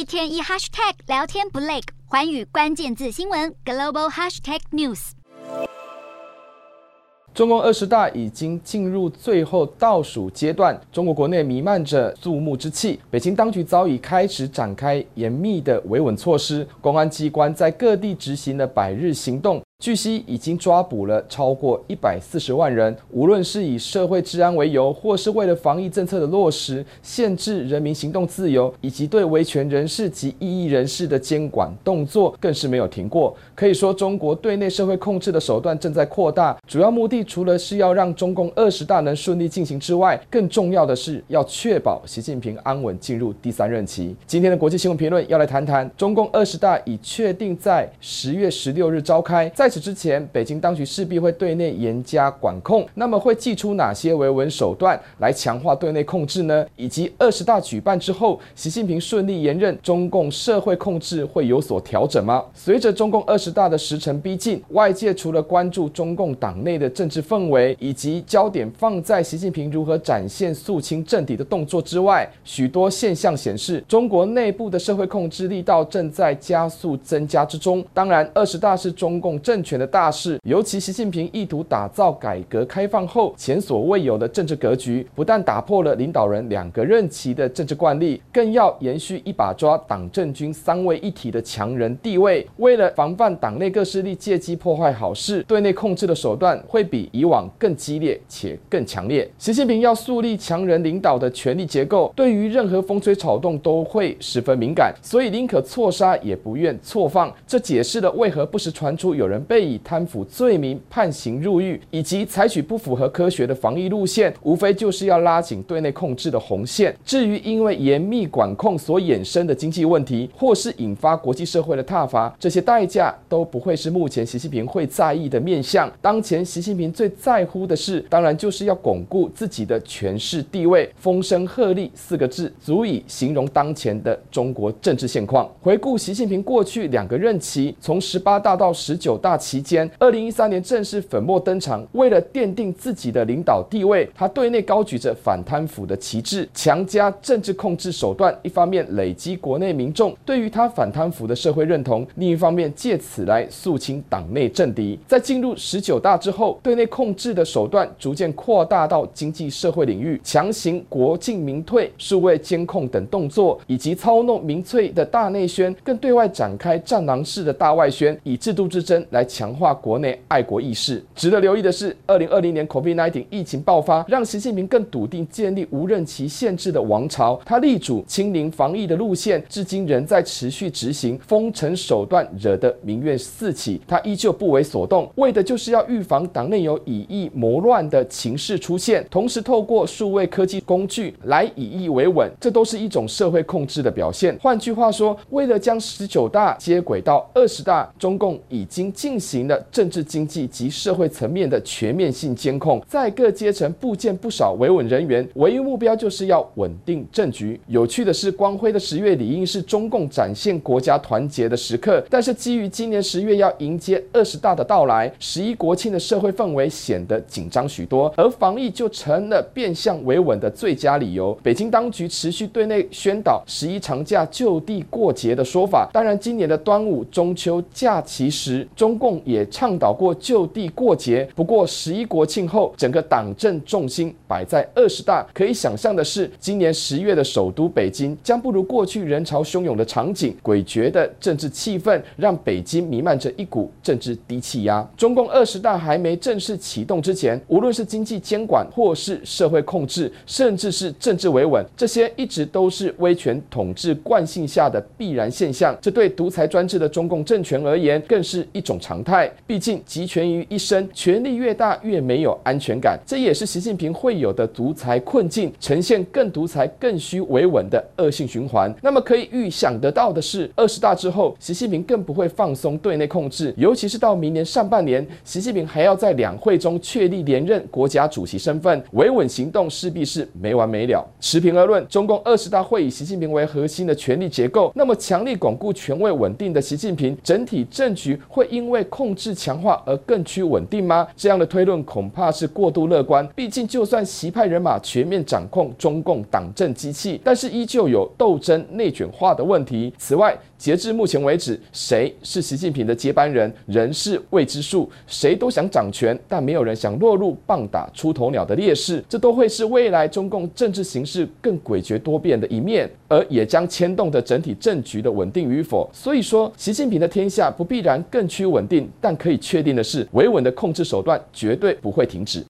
一天一 hashtag 聊天不累，寰宇關鍵字新聞 global hashtag news。中共二十大已經進入最後倒數階段，中國國內瀰漫着肅穆之氣，北京當局早已開始展開嚴密的維穩措施，公安機關在各地執行的百日行動。據悉，已經抓捕了超過一百四十萬人。無論是以社會治安為由，或是為了防疫政策的落實，限制人民行動自由，以及對維權人士及異議人士的監管動作，更是沒有停過。可以說，中國對內社會控制的手段正在擴大，主要目的除了是要讓中共二十大能順利進行之外，更重要的是要確保習近平安穩進入第三任期。今天的國際新聞評論要來談談，中共二十大已確定在十月十六日召開，在在此之前，北京當局勢必會對內嚴加管控。那麼會祭出哪些維穩手段來強化對內控制呢？以及二十大舉辦之後，習近平順利連任，中共社會控制會有所調整嗎？隨着中共二十大的時程逼近，外界除了關注中共黨內的政治氛圍，以及焦點放在習近平如何展現肅清政敵的動作之外，許多現象顯示，中國內部的社會控制力道正在加速增加之中。當然，二十大是中共政政權的大事，尤其習近平意圖打造改革開放後前所未有的政治格局，不但打破了領導人兩個任期的政治慣例，更要延續一把抓黨政軍三位一體的強人地位。為了防範黨內各勢力借機破壞好事，對內控制的手段會比以往更激烈且更強烈。習近平要樹立強人領導的權力結構，對於任何風吹草動都會十分敏感，所以寧可錯殺也不願錯放。這解釋了為何不時傳出有人。被以貪腐罪名判刑入獄，以及採取不符合科學的防疫路線，無非就是要拉緊對內控制的紅線。至於因為嚴密管控所衍生的經濟問題，或是引發國際社會的撻伐，這些代價都不會是目前習近平會在意的面向。當前習近平最在乎的是，當然就是要鞏固自己的權勢地位。風聲鶴唳四個字足以形容當前的中國政治現況。回顧習近平過去兩個任期，從十八大到十九大。期間，二零一三年正式粉墨登場。為了奠定自己的領導地位，他對內高舉着反貪腐的旗幟，強加政治控制手段；一方面累積國內民眾對於他反貪腐的社會認同，另一方面借此來肅清黨內政敵。在進入十九大之後，對內控制的手段逐漸擴大到經濟社會領域，強行國進民退、數位監控等動作，以及操弄民粹的大內宣，更對外展開戰狼式的大外宣，以制度之爭來。強化國內愛國意識。值得留意的是，二零二零年 COVID-19 疫情爆發，讓習近平更篤定建立無任期限制的王朝。他力主清零防疫的路線，至今仍在持續執行封城手段，惹得民怨四起。他依舊不為所動，為的就是要預防黨內有以疫謀亂的情勢出現。同時，透過數位科技工具來以疫維穩，這都是一種社會控制的表現。換句話說，為了將十九大接軌到二十大，中共已經盡。進行了政治、經濟及社會層面的全面性監控，在各階層布建不少維穩人員，唯一目標就是要穩定政局。有趣的是，光輝的十月理應是中共展現國家團結的時刻，但是基於今年十月要迎接二十大的到來，十一國慶的社會氛圍顯得緊張許多，而防疫就成了變相維穩的最佳理由。北京當局持續對內宣導十一長假就地過節的說法，當然，今年的端午、中秋假期時，中共。也倡導過就地過節，不過十一國慶後，整個黨政重心擺在二十大，可以想象的是，今年十月的首都北京將不如過去人潮洶湧的場景。詭譎的政治氣氛讓北京彌漫着一股政治低氣壓。中共二十大還沒正式啟動之前，無論是經濟監管，或是社會控制，甚至是政治維穩，這些一直都是威權統治慣性下的必然現象。這對獨裁專制的中共政權而言，更是一種常態。態，畢竟集權於一身，權力越大越沒有安全感，這也是習近平會有的獨裁困境，呈現更獨裁、更需維穩的惡性循環。那麼可以預想得到的是，二十大之後，習近平更不會放鬆對內控制，尤其是到明年上半年，習近平還要在兩會中確立連任國家主席身份，維穩行動勢必是沒完沒了。持平而論，中共二十大會以習近平為核心的權力結構，那麼強力鞏固權威穩定的習近平，整體政局會因為被控制強化而更趨穩定嗎？這樣的推論恐怕是過度樂觀。畢竟，就算習派人馬全面掌控中共黨政機器，但是依舊有鬥爭內捲化的問題。此外，截至目前為止，誰是習近平的接班人仍是未知數。誰都想掌權，但沒有人想落入棒打出頭鳥的劣勢。這都會是未來中共政治形勢更詭譎多變的一面。而也將牽動著整體政局的穩定與否。所以說，習近平的天下不必然更趨穩定，但可以確定的是，維穩的控制手段絕對不會停止。